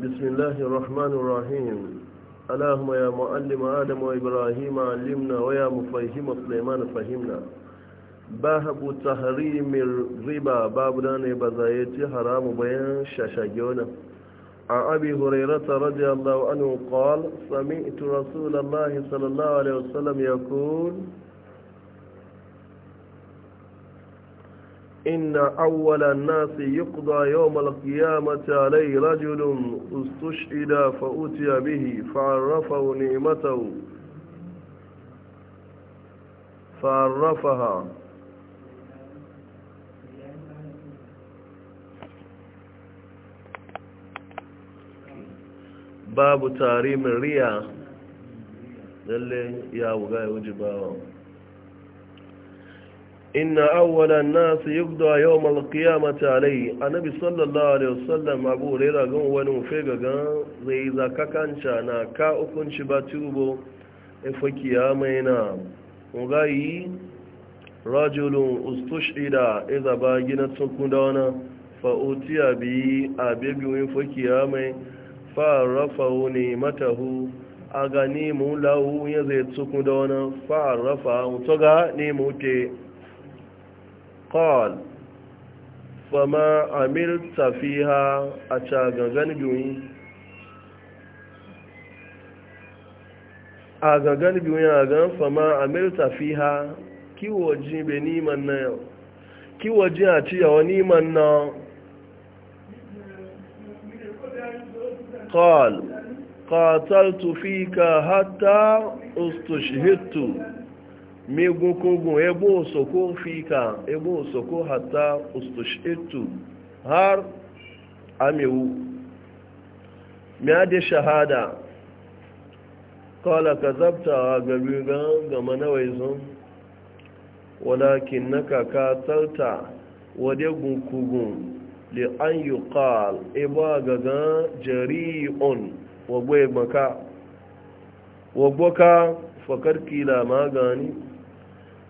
بسم الله الرحمن الرحيم اللهم يا معلم آدم وإبراهيم علمنا ويا مفهم سليمان فهمنا باب تحريم الربا باب دان بزايت حرام بيان ششجون عن أبي هريرة رضي الله عنه قال سمعت رسول الله صلى الله عليه وسلم يقول إن أول الناس يقضى يوم القيامة عليه رجل استشهد فأتي به فعرفه نعمته فعرفها باب تاريم الرياء للي يا وغاي وجباوه inna awwalan nas yubda yawm al-qiyamati alayhi annabi sallallahu alaihi wasallam abu rera gan wani fe gaga zai zakakanca na ka ukunci ba tubo e fa kiyamaina ugayi rajulun ustushida idza e ba gina tsukunda wana fa utiya bi abebi win fa kiyamai fa rafahu ni matahu ni mu lahu ya zai tsukunda wana fa rafa mutoga ni mute قال فما عملت فيها أتاغغن بيوي أغغن بيوي أغن فما عملت فيها كي وجي بنيمن نيو كي وجي أتي ونيمن نيو قال قاتلت فيك حتى استشهدت mego kogun ebo soko fika ebo soko hatta ustushitu har amewu miade shahada kala kazabta gabi gama nawa izon walakin naka ka tarta wade gunkugun le an yi kal ebo gaga jari'un wagbo wagbo ka fakar kila magani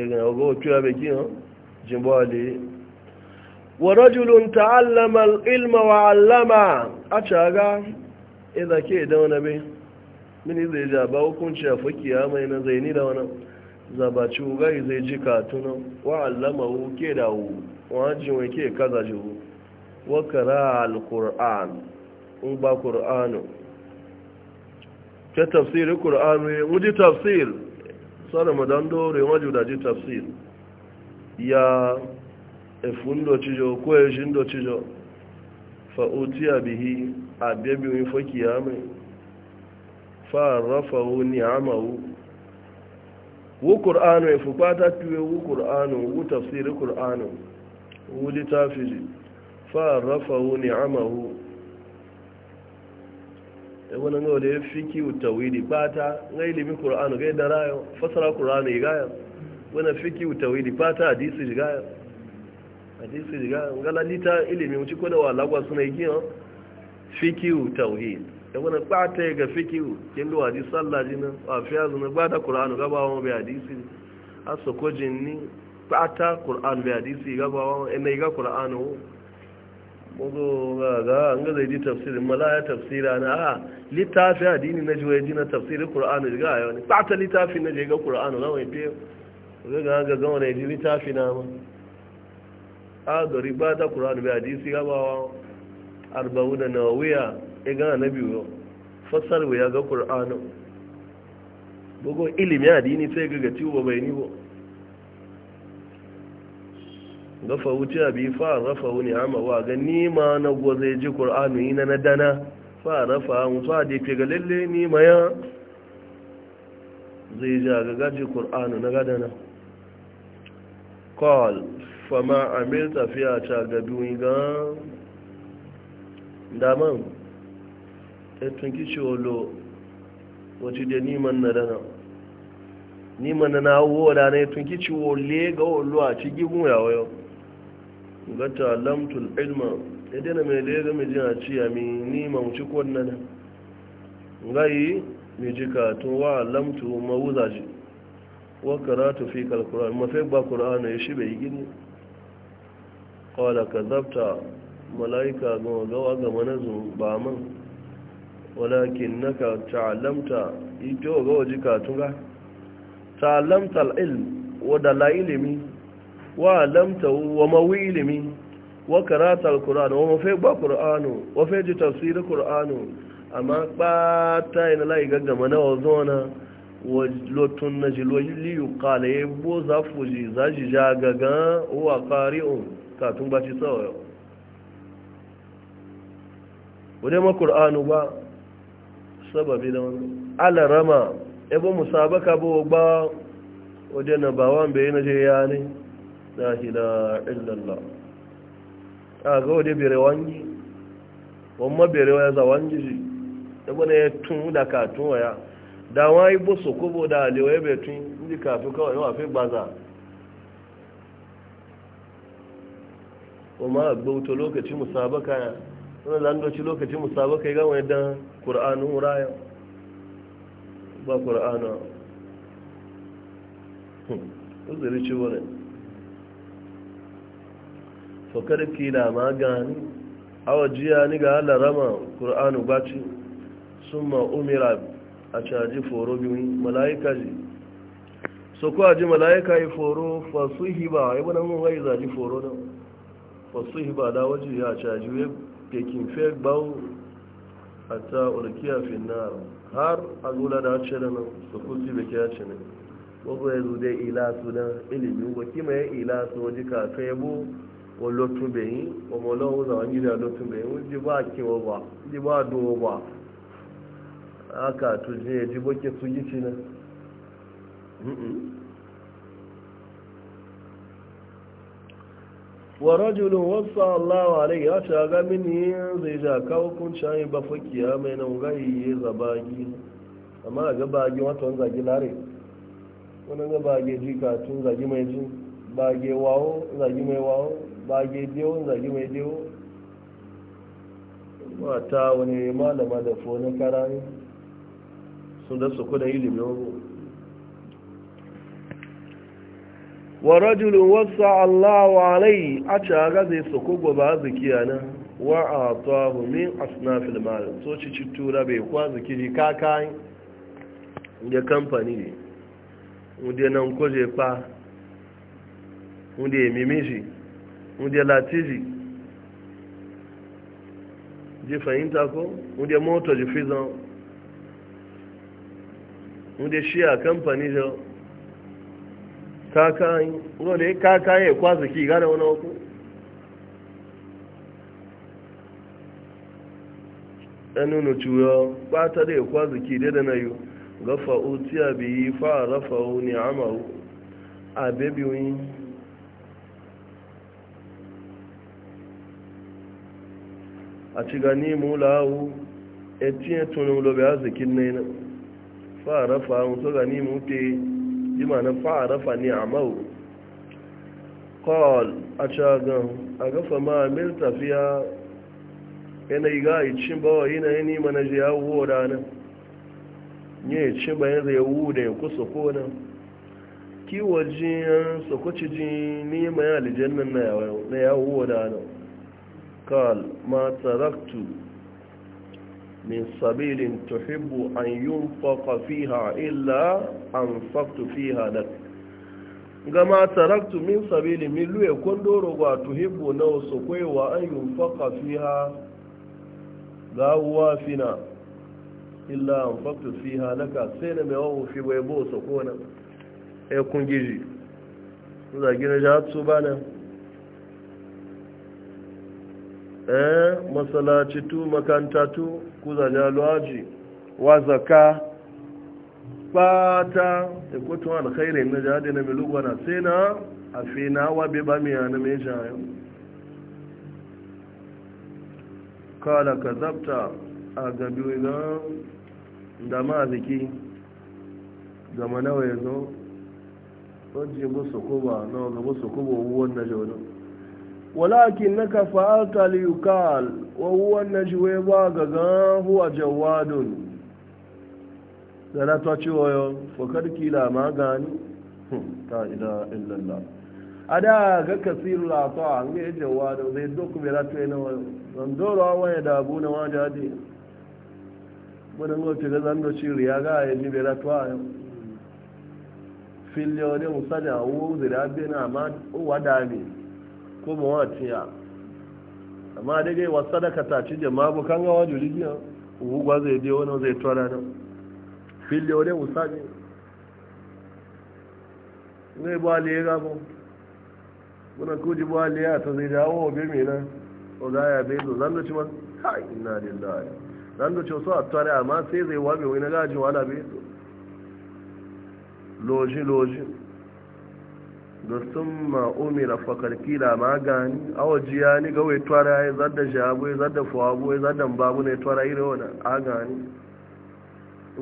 ènìyàn ogó ojú ẹ̀mẹ́ kí hàn jìnbọ́ alẹ́ wọ́rọ́júlùn ta alama ilmọ̀ wa alama a ṣàgá ìdàkí ìdánwọ́n ẹbí zai ìjà bá hukunci a fókí ya mai na zai nílẹ̀ wọn zabaci wuga zai ji katuna wa alama ke da wu wọ́n ji wọn ke kaza ji wu wakara al-kur'an in ba kur'anu ke tafsiri kur'anu ya wuji tafsiri sa ramadan dore maju da ji tafsir ya efun do cijo ko fa utiya bihi abebi wi foki ya mai fa rafahu ni'amahu wu qur'anu e fukata tuwe wu qur'anu wu tafsir qur'anu wu litafi fa rafahu ni'amahu e wani ga wale fiki ba ta ga ilimin qur'anu ga da rayu fasara qur'anu gaya wani fiki tawili fata hadisi ga hadisi ga galalita ilimin wuci ko da walagwa suna yi fiki tawhid e wani fata ga fiki kin do hadisi sallah jina a fiya zuna ba ta qur'anu ga ba mu bi hadisi asokojin ni fata qur'an bi hadisi ga ba mu en ga qur'anu wato ga ga an ga zai ji tafsirin ya tafsira na a littafi addini na jiwa ji na tafsirin kur'anu ga a yawani ba ta littafi na je ga na wani fe ga ga ga ga wani ji littafi na ma a gari ba ta qur'ani ba hadisi ga ba arba'una nawawiya e ga nabi yo fasar ya ga qur'ani bugo ilimi addini sai ga ga ciwo bai ni gafa wuce abi fa rafa wuni ama wa ga nima na gwaza ji qur'anu ina na dana fa rafa mu fa de fi ga lalle nima ya zai ja ga gaji qur'anu na dana. qal fama amilta fiya ta ga duni ga daman etun kici olo wace da niman na dana niman na na wo da na etun kici le ga olo a cikin yawayo ga talamtul ilma idan mai da ya zama jina ci ya mi ni ma mu ci kwanna na ngai mi ji ka wa lamtu ma wuza ji wa karatu fi alquran mafi ba qur'ana ya shi bai gini ka zabta malaika gama gawa ga manazu ba man walakin naka ta'lamta ito ga waji ka tunga ta'lamtal ilm wa da la ilimi wa lamtahu wa mawilimi wa karata alkur'an wa mafi gba qur'anu wa fi ji tafsiri kur'anu amma ɓata yana layi gaggama na wazona wa lotun na ji liyu kala ya bo za fuji za ji ja gaga wa ƙari'un katun ba ci tsawayo wadai ma qur'anu ba sababi da wani alarama ebe musabaka bo ba wadai na bawan bai na je ya la ilaha illallah a ga wade bere wangi wamma bere waya za wangi ji da bane ya tun da ka tun waya da wani bo sokobo da alewa ya bai tun ka kafi kawai yawa fi gbaza kuma a gbauta lokaci musabaka ya wani landoci lokaci musabaka ya gama yadda kur'anu raya ba ƙur'ana uzuri ci wani fokarki karki da magani awa jiya ni ga Allah rama Qur'anu baci summa umira a caji foro biyu malaika ji so ko aji malaika yi foro yi wani mun wai zaji foro yi fasuhiba da waje ya caji wai kekin fe a hatta urkiya fi nar har azula da ce da nan su kusi da ke ce ne ko ya zo dai ila su da ilimin wakima ya ila su waje ka kai bu wọ́n ló tún bẹ̀ yín ọmọ ọlọ́run àwọn nílẹ̀ ló tún bẹ̀ yín wọ́n jí bá kí wọ́n wà jí bá dùn wọ́n wà aka tujin ya ji boke su yi ci nan wa rajulun wasu allahu alaihi ya ce ga mini zai ja kawo kunci hanyar ba fakiya mai nan gayi ya zabagi amma ga bagi wata wani zagi lare wani ga bagi jika tun zagi mai jin bage wawo zagi mai wawo bage biyo zagi mai biyo mata wani malama da fone karani sun da su kuda ilimi wani wa rajulun wasa Allah wa alai a caga zai su kogwa a zikiya na wa a tahu min asnafil filmar so ci ci tura bai kwa zikiri kakayin ya kamfani ne nan kwaje fa wunde mimiji wunde latizi: ji fahimta ko wunde moto ji fizan wunde shi shia kamfani jo kakayi wunde kakayi ya kwazi ki gane wani oku ɗanunu cuyo ɓata da ya kwazi ki dada na yi gafa utiya biyi fa rafa ni amaru a bebiyoyin a ci gani mulawu etinye tunin lobe arzikin ne na fa'arafa mutu gani mutu ji ma na fa'arafa ne a mau kawal a cagan a gafa ma mil tafiya yanayi e ga cin bawa yi na yanayi mana ji ya wuwa rana ne icin bayan zai wu da ya kusa kona kiwajin sokocijin ni ma ya alijannan na yawon na yawo rana قال ما تركت من سبيل تحب أن ينفق فيها إلا أنفقت فيها لك gama taraktu min sabili min kun kondoro ga tuhibbu na wasu kwaiwa an yunfaka fiha gawuwa fina illa an faktu fiha laka sai na mai wawon fi bai bo wasu ya kungiji jihar eh masalaci tu makanta tu kuzaja luwaji wa zaka fata e kutu alkhairin na jihadi na milugwa na sena na, wa be ba miya na me jayo kala kazabta a gabi wina da ma ziki zama nawa yazo ko bu su kuba nawa ga bu su wuwan na jaunin walakin naka fa'alta liyukal wa huwa najwe ba gaga huwa jawadun da na ta cewa yau fakar kila ma gani ta ila a da ga kasiru lafa an ga yi zai doku mai ratu yana wayo zan doro a wani dabu na wajen adi wadda ga ce ga zan doci riya ga yi ni bai ratu a yau filiyo ne musa da wuzi da abin amma wadami ko ba wa tiya amma daidai wa sadaka ta ci jama'a bu kan gawa juri biya ugwa zai je wani zai tura nan fil da wani musaji ne ba le ga mu muna kuji ba le ta zai dawo be me nan o ga ya be zo zan ci ma ha inna lillahi zan da ci so a tura amma sai zai wabe wani gajin wala be loji loji da sun ma'umira fakarkila ma gani awa jiya ni gawai twara ya zadda shago ya zadda fawago ya zadda babu ne twara iri wani a gani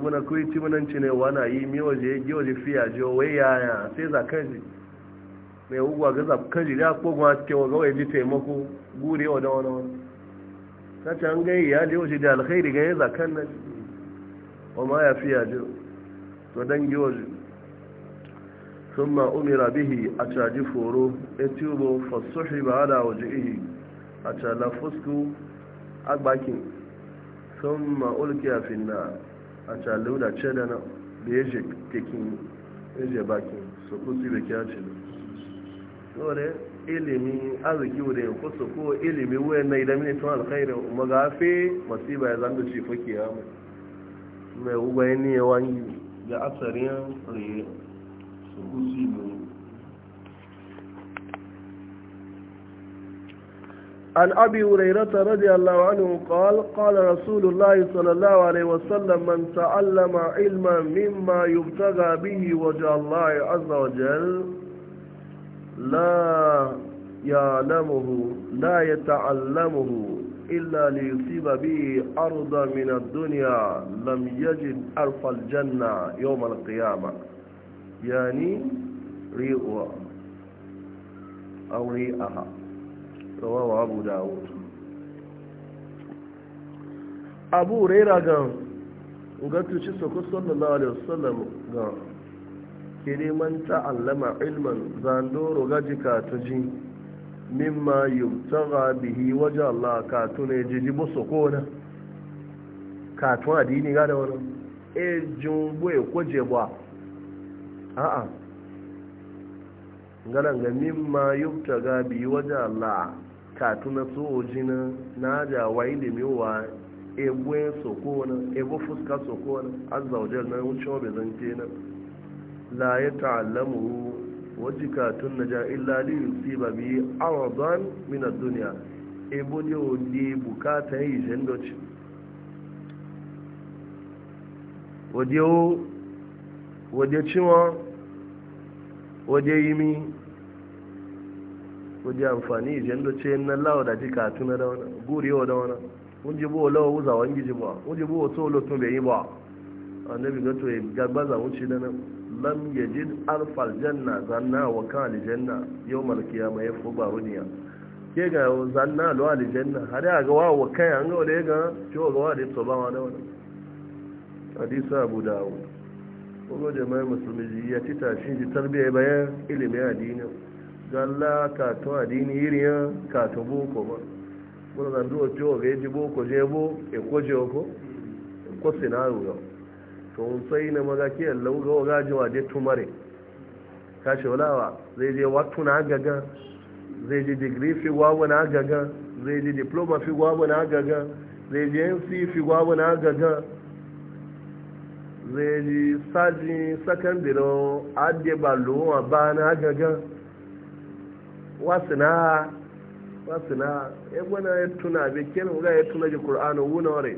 muna kuyi timinanci ne wana yi mi waje gi waje fiya je wai yaya sai za kaji mai ugwa ga za kaji da ko kuma ke wa gawai ji taimako gure wa da wani wani ta can gai ya je waje da alkhairi ga ya za kan nan wa ma ya fiya je to dan gi waje ثم أمر به أتاج فورو فالصحب على وجهه أتالا أكباكين ثم ألقي في النار أتالا ودا تشدنا تكين يجي باكين سكوتي بكياتي dole ilimi arziki wurin kusa ko ilimi wuyan na idan mini tun alkhairu magafe masiba ya zanga ce fa kiyama mai ubayen ne ya عن أبي هريرة رضي الله عنه قال قال رسول الله صلى الله عليه وسلم من تعلم علما مما يبتغى به وجه الله عز وجل لا يعلمه لا يتعلمه إلا ليصيب به أرضا من الدنيا لم يجد أرض الجنة يوم القيامة yani ri'uwa aw ri'aha rawahu abu dawud abu raira ga ugatuci sako sallallahu alaihi wasallam ga kere man ta'allama ilman zandoro gaji katuji mimma yubtaga bihi waje Allah katune jiji busu kona katun adini ga da wani ejun boye kwaje ba a'a galan ga mimma yubta ga bi waje Allah ka tuna so jina na ja wa ilimi wa egwe soko na fuska soko na azza wajal na wucewa bai zance na la ya ta'allamu waje ka tuna na ja illa li yusiba bi aradan min ad-dunya ebo ne o di bukata yi jendoci waje o waje ciwon waje yi mi waje amfani ijen da ce na lawa da jika tuna da wani gurewa da wani wunji bo lawa wuza wangi ji ba wunji buwa to lo tun bai yi ba annabi ga to ya gagbaza wuce da nan lam ji alfal janna zanna wa kan aljanna yawmal qiyamah yafu ba duniya ke ga zanna lo alijanna har ya ga wa kai an ga wale ga to ga wa da to ba wani hadisa abu dawud kuma jama'ar musulmi ya ci tashin shi tarbiyya bayan ilimin addini galla katon addini iriya kato boko ba kuma zan duwa ciwo ga yaji boko je bo eko je ko ko sinaru yau to mun sai na maza ke yallau ga gaji wa je tumare kashe walawa zai je watu na gaga zai je digiri fi gwabu na gaga zai je diploma fi gwabu na gaga zai je nc fi gwabu na gaga zai ji sajin sakandirin adeba lowa ba na wasina wasina ebona ya tuna be kenan ji qur'ani wuna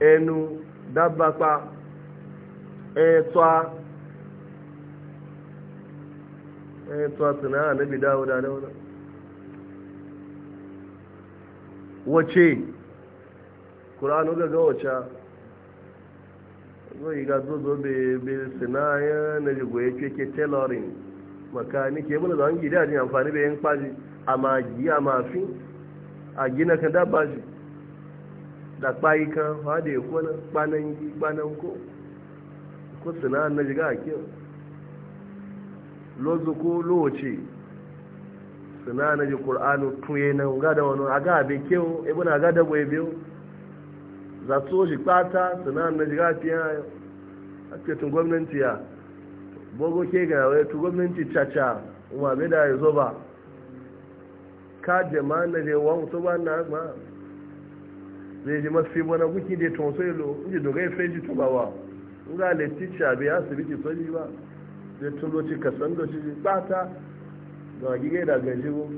enu dabba etwa etwa da wannan wace zai ga zozo be sinaya na jigo ya keke tailoring makani ke bula zawon gida jin amfani bayan kwaji a magi a fi a gina ka dabba shi da kwayi kan hada ya kwana kwanan yi kwanan ko ko sinaya na jiga a kiyo lozu ko lowace sinaya na ji kur'anu tuye nan gada wani a ga abe kewo za su shi kwata sana'ar na jiga fiye a cikin gwamnati ya bogo ke ga wai tu gwamnati caca wa bai da ya zo ba ka jama na je wa mutu ba na ma zai ji mafi wani guki da tun sai lo inji dogai feji tuba wa in ga le tica bai asibiti soji ba zai tun loci kasan da shi kwata ga gige da gajibu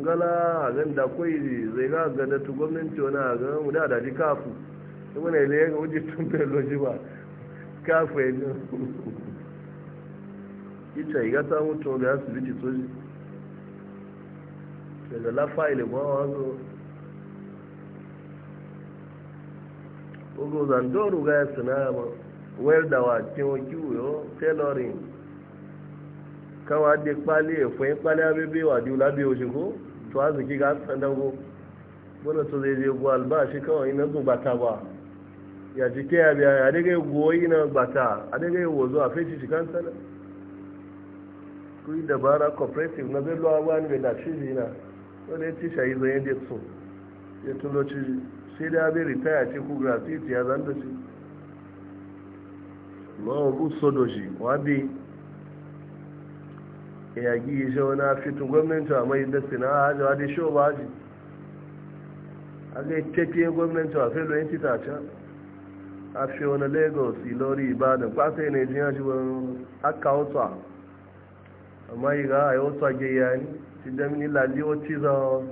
ngala a gan da kwai zai ga ga da tu gwamnati wani a gan mu da da ji kafu kuma ne le ga wuji tun pe loji ba kafu ya ji ita iga ta mutu da asibiti soji daga la file ba wa zo ogo zandoro ga ya sinaya ma wayar da wa cikin wakiwo yo tailoring kawa de kpali efo yin kpali abebe wa diu labe o shigo to arziki ga tsandago wani to zai je albashi kawai ina bata ba ya ji ke abi ya daga go ina bata a daga wo a feshi shi kuyi dabara cooperative na zai lowa wani bai da shi na wani ci shayi zai yadda su ya tulo ci sai da bai ritaya ce ku ya shi so doji wa bi ya gi shi wani fitin gwamnati a mai dasi na hajji wa da shi ba hajji a ga keke gwamnati a filo yin tita can a fi wani lagos ilori ibadan kwasa yana jiya shi wani aka wata amma yi ga a yi wata gaya ni ti damini laliyo cizawa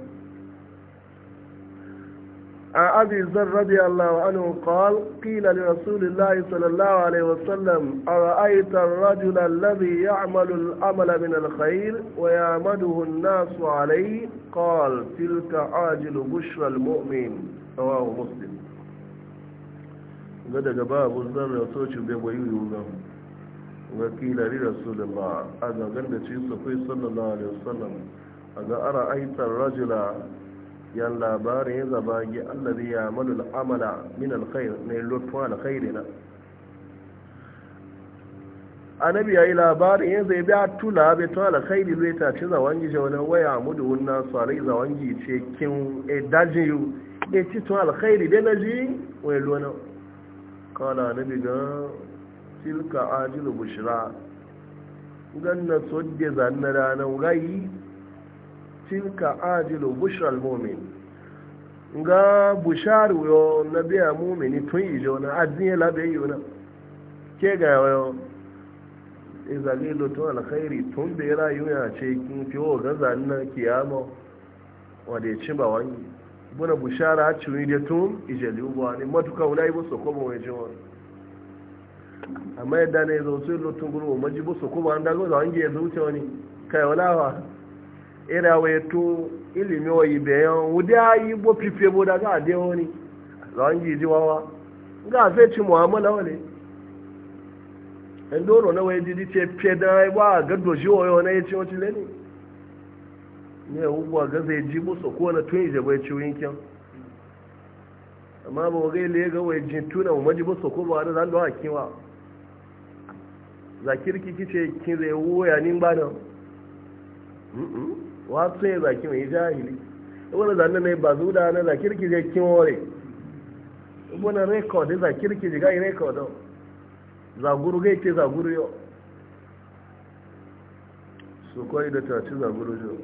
عن أبي ذر رضي الله عنه قال قيل لرسول الله صلى الله عليه وسلم أرأيت الرجل الذي يعمل الأمل من الخير ويعمده الناس عليه قال تلك عاجل بشرى المؤمن رواه مسلم قد جباب أبو ذر يسوش بيبويوه وقيل لرسول الله أنا قلت يوسف صلى الله عليه وسلم أنا أرأيت الرجل yan labarin ya zaba gi allazi ya malu al'amala min alkhair ne lutfa alkhairina. annabi yayi labarin ya zai biya tula be to alkhairi zai ta ci zawangi je wani waya mudu wunna sare zawangi ce kin e daji yu e ci to alkhairi be naji wai lona kala annabi ga tilka ajilu bushra ganna sodde zanna ranan rai. tilka ajilu bushra almumin nga bushar yo nabiya biya mumini tun ilo na adin labe yo na ke ga yo izalilu to alkhairi tun be rayu ya ce kin fi o gaza na kiyama wanda ci ba wani buna bushara a ciwi e da tun ijali ubuwa ne matuka wula yi busu kuma mai jin amma yadda ne zo su yi lotun gurbu maji busu kuma an dago da wange ya zuce wani kai wala wa ina wetu ilimi o ibe yon wudi ayi bo pipe bo da ga de woni zan ji ji wawa ga fe ci muamala wale en doro na waye didi ce pe da wa ga do ji oyo na yace wata leni ne uwa ga zai ji bo so ko na tun je bai ci winkin amma ba ga ile ga waye jin tuna mu ji bo so ko ba da zan do hakiwa zakirki kice kin zai wuya nin ba nan wato ya zaki mai jahili wani zanne ne ba zuda na za kirkije kin wore wani rekod za kirkije gai rekod za guru gai ke zaguru yau su kwari da tace za guru yau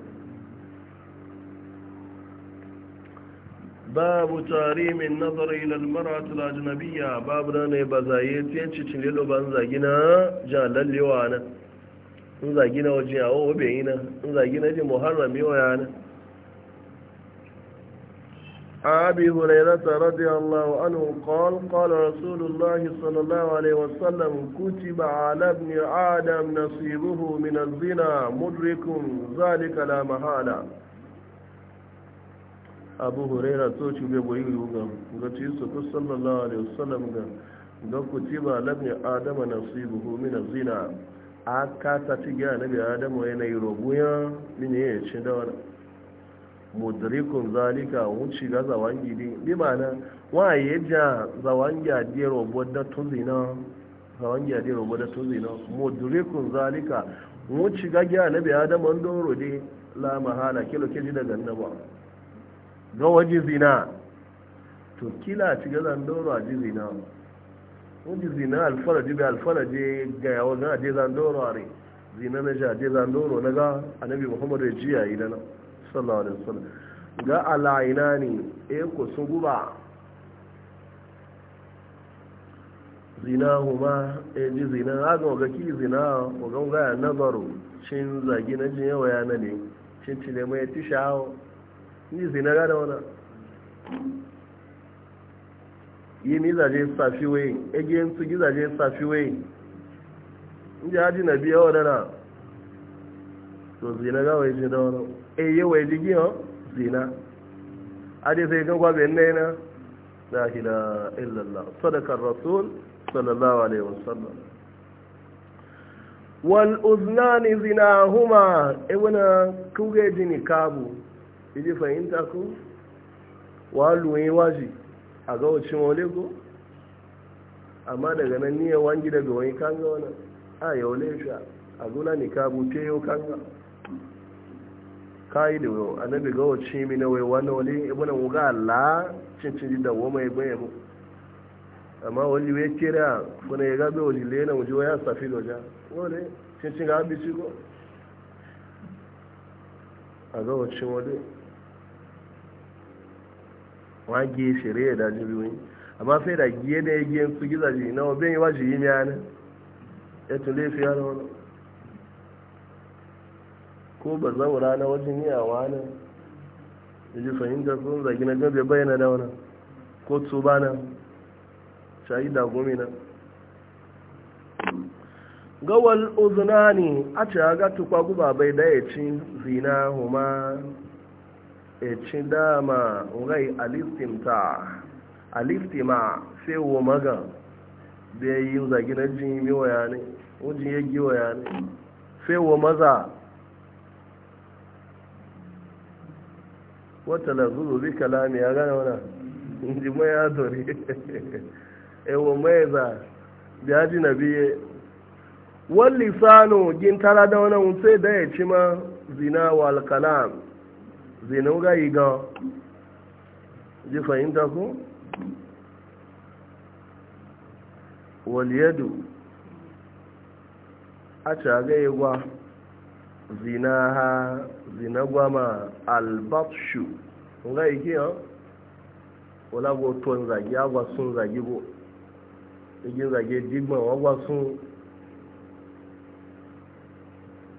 babu tarimin nazari ilal maratul ajnabiyya babu ne ba zaye tiyanci cin lelo ban zagina jan lallewa nan in zagi na wajen yawo wabe yi na in zagi na ji muharram yi wa yana abi hurairata radiyallahu anhu hukawar kwallon rasulullah sallallahu alaihi wasallam ba ala ibn adam nasibuhu min az-zina mudrikum zalika la mahala abu huraira to ci be boyi ga ga ci su to sallallahu alaihi wasallam ga kuti: Ba a ibn adam nasibuhu min az-zina aka ta ci gina na biya da mu yanayi roguya mini ya ci da wani mudirikun zalika wuce ga zawangi gidi bi na, waye ja zawangi a diyar da tuzina zawangi a ya robo da tuzina mudirikun zalika wuce ga gina na biya da man doro de la mahala kilo keji da ganna ba ga waje zina to kila ci ga zan doro a ji zina wani zina alfaraji bai alfaraji ga yawon na je zandoro a rai zina na sha je zandoro na ga Anabi Muhammadu ya ji yayi da na sallawa da wasallam ga alaina ne e ko sun guba zina huma e ji zina a ga ki zina ga ya nazaru cin zagi na jin yawa ya ne cin cile mai hau? ni zina ga da wannan yi ni zaje safiwe egiyen su gizaje safiwe inji haji na biya wadana so zina ga wai jin da e eye wai jigi ha zina ade sai kan kwabe ne na la ilaha illallah sadakar rasul sallallahu alaihi wasallam wal uznani zinahuma ebona kuge jini kabu iji fahimta ku walu yi waji a ga wacin wale go amma daga nan niyan wangi daga wani kanga wani a ya wale shi a gula ne ka bute yau kanga kayi da yau annabi ga wacin mi na wai wani wale ibuna wuga Allah cincin da woma ya bayan mu amma wani wai kira kuna ya gabe wani lena wuje waya safi loja wale cincin ga abisi go a ga wacin wale wage shari'a da jibi wani amma sai da giye da ya giye su giza ji na obin yi waje yi miyana ya tule fi yana wani ko ba zaura na wajen yi a wani da ji fahimta sun zagi na gabe bayyana da wani ko tuba na shayi da gumi na gawal uzunani a ce ga tukwa guba bai daya ya ci zina huma ci dama rai alistimta alistima sai wo maga da ya yi zagi na jimi waya ne wajen ya giwa ya ne sai wo maza wata na zuzu bi kalami ya gana wana ji mai ya dori ewo mai za ya ji na biye wani lisano gintara da wani wuce da ya ci ma zina wa alkalami zinan yi ga ji fahimta ku waliyadu a cagaye gwa zina ha zina gwama albatshu yi ke yan olago ton zagi agwa sun zagi go igin zage digman agwa sun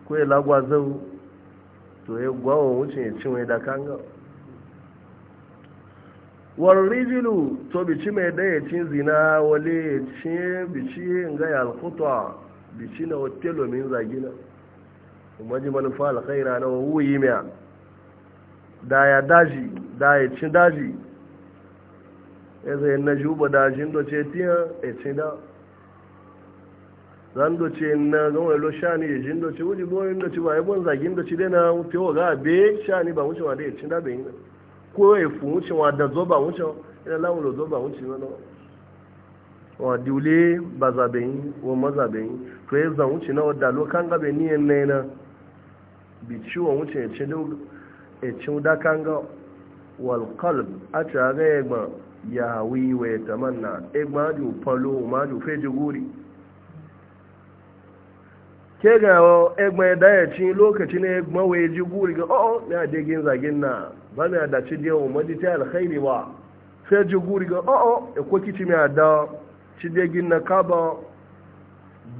kwe lagwa zau to ya gwawa wucin ya ci mai da kanga war rijilu to bici mai daya cin zina wale ci bici ga ya alkuta bici na hotelo min zagina kuma ji manufa alkhaira na wuyi mai da ya daji da ya cin daji ya zai na juba dajin da ce ya cin da zan doce na zan lo shani ya jin wuji bo yin ba ya bon zagin doce dai na fi ga be shani ba wuce wa ya cin da bayin ko ya wuce wa zo ba wuce ina lawo lo zo ba wuce na wa diule ba za bayin wa maza bayin to ya zan wuce na lo kan na bi ciwon wuce ya cin da ya cin da kan ga wal qalb a ta ga ya gba ya tamanna guri ke ga egbe dayaci lokaci ne mawai ji buri ga oh na degin zagin na ba na da ci je o madi ta alkhairi ba sai ji buri ga oh, oh e ko kici mi ada ci degin na kaba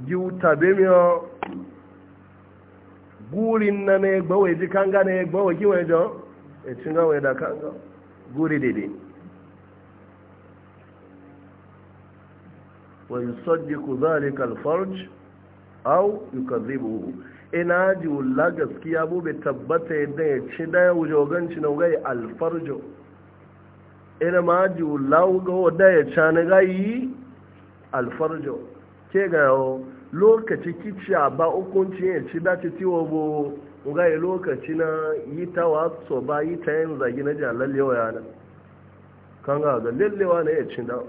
ji utabe mi o gurin na ne gbawai ji kanga ne gbawai ki wai jo e cin ga wai da kanga guri dede wa yusaddiqu dhalika al-farj au yukazibu ina ji wula gaskiya bu bai tabbata yadda ya ci daya wuce waganci na gai alfarjo ina ma ji wula wuga wadda ya ca na gai alfarjo ke ga yawo lokaci kiciya ba hukunci ya ci dace tiwo bu gai lokaci na yi ta wasu ba yi ta yin zagi na jalar yana kan ga ga lallewa na ya ci dawa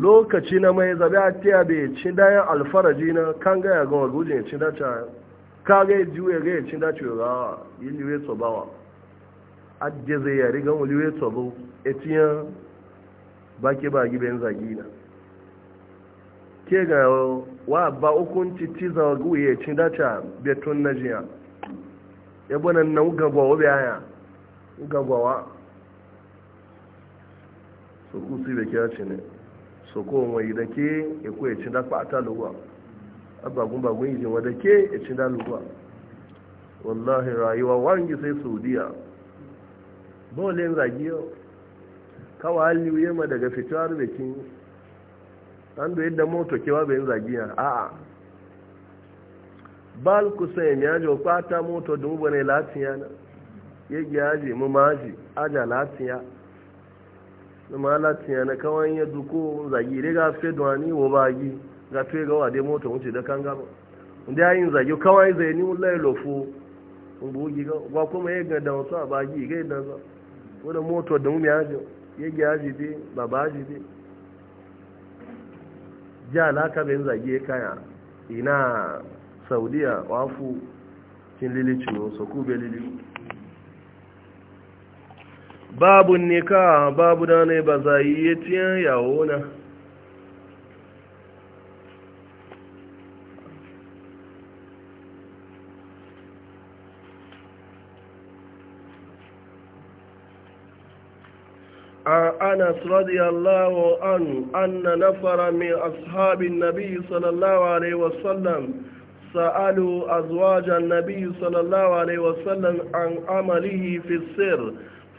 lokaci na mai zabi a tiya bai cin dayan alfaraji na kan gaya ga waguje ya cin dace ka ga juye ga ya ci dacha ga bawa tsobawa adje zai yari ga wuliwe tsobo etiyan baki ba yin zagi na ke ga wa ba hukunci ci zagu ya ci dacha betun na jiya ya bu nan gagwawa bayaya gagwawa su kusi bai kira ci ne so ko mai da ke ya ko ya ci da fata lugwa abagun bagun yi wa da ke ya ci da lugwa wallahi rayuwa wangi sai saudiya bolin zagiyo kawa haliyu yamma daga fitowar bikin an da yadda moto kewa bayan zagiya a'a bal kusan ya ji kwata moto dubu ne latiya na yi gyaji mu maji aja latiya ma latiya na kawai ya duku zagi dai ga fe duwani wo bagi ga fe ga wa dai mota wuce da kan gaba inda yayin zagi kawai zai ni wallahi lofo in bugi ga wa kuma ya ga da wasu a bagi ga da za da mota da mu ya ji ya ga ji dai ba ba ji dai ja la ka ben zagi ya kaya ina saudiya wafu kin lilici so ku be lilici babu nika babu da ne ba za yi yawo na عن أنس رضي الله عنه أن نفر من أصحاب النبي صلى الله عليه وسلم سألوا أزواج النبي صلى الله عليه وسلم عن عمله في السر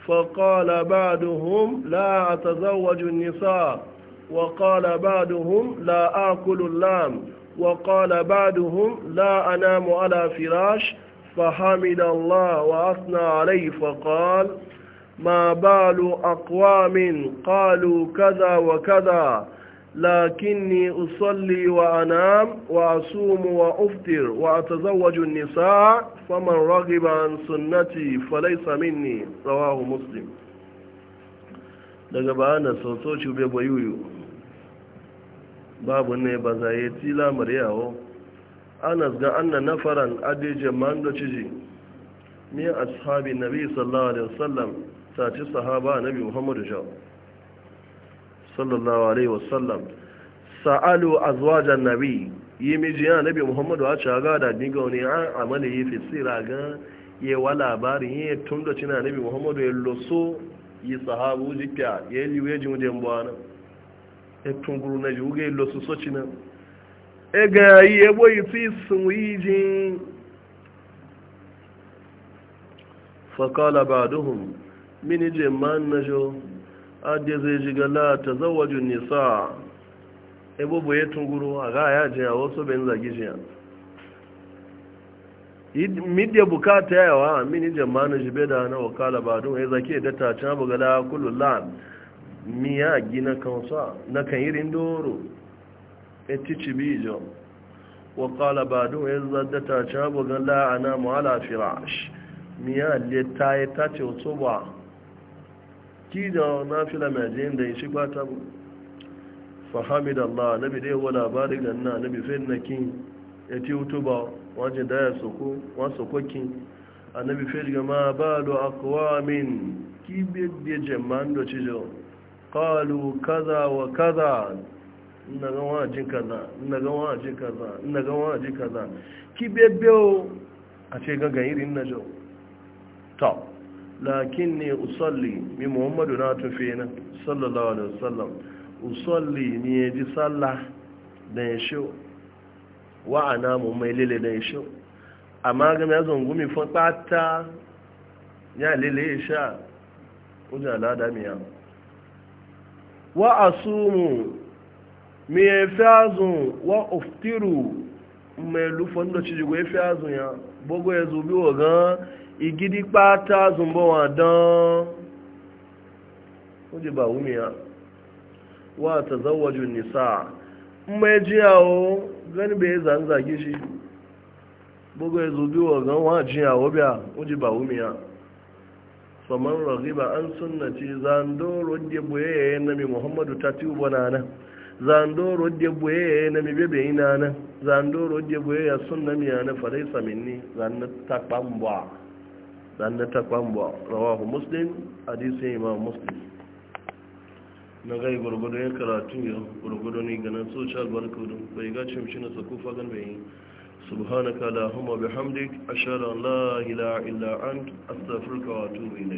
فقال بعضهم لا أتزوج النساء وقال بعضهم لا آكل اللام وقال بعضهم لا أنام على فراش فحمد الله وأثنى عليه فقال ما بال أقوام قالوا كذا وكذا لكني أصلي وأنام وأصوم وأفطر وأتزوج النساء فمن رغب عن سنتي فليس مني رواه مسلم daga bayana soso cube bayuyu babu ne ba zaye tila maryawo anas ga anna nafaran adije mando ciji min ashabi nabi sallallahu alaihi wasallam ta ci sahaba nabi muhammadu shaw sallallahu alaihi wasallam sa'alu azwajan nabi yi miji ya nabi muhammadu a ci ga da diga wani an amala yi fisira ga ya wa labarin yi tun da cina nabi muhammadu ya loso yi sahabu jikya e ya yi liwe ji wajen buwana ya tunguru na juge ya yi loso so cina e ga yi ya e boyi fi sun yi jin fakala ba duhun mini je man na jo adda zai shiga la ta zawajin nisa ebubu ya tunguru a ga ya jiya wasu bin zagi jiya midya bukata yawa mini manu jibe da na wakala ba don ya zake da ta can bugala kullu la miya gina kansa na kan yi rindoro etici bijo wakala ba don ya da ta can bugala ana mu'ala firash miya leta ya tace wasu ba kijo na fila mai ajiyar da shi kwata mu fahamid allah na bi dai wala bari da na na bi fin na kin ya ti hutu ba wajen da ya soko wa a na bi fin ga ma ba do akwamin ki bi bi da ci jo qalu kaza wa kaza ina ga jin kaza ina ga jin kaza ina ga jin kaza ki bebe a ce ga ga irin na jo ta. lakin ne usalli mi muhammadu na tufe na sallallahu alaihi wasallam usalli ni ya ji sallah da ya shi wa ana mu mai lele da ya shi amma ga ya zangu mi fata ya lele ya sha kuja alada miya wa asumu mi ya fi azun wa uftiru mai lufan da ci jigo ya fi azun ya bugu ya zubi wa gan igidi pátá zùnbọ̀ wọn dán ó jẹ́ bà wúmi ya wà tàzáwọ́jú nìsá mẹ́jí àwọ́ gani bẹ̀ zanza shi gbogbo ẹ̀zù bí wọ̀ gan wọ́n jí àwọ́ bí a ó jẹ́ ba wúmi ya saman ragiba an sunna ce zandoro da buye na mi muhammadu ta tuba na nan zandoro da buye na mi bebe ina nan zando da buye ya sunna mi ya na farai zan ta kpamba dan na takwan ba rawahu muslim hadisin imam muslim na gai gurgudu ya karatu ya gurgudu ne ganin social bai ga cimci na saku fagen bai subhanaka la huma bihamdik ashhadu an la ilaha illa ant astaghfiruka wa atubu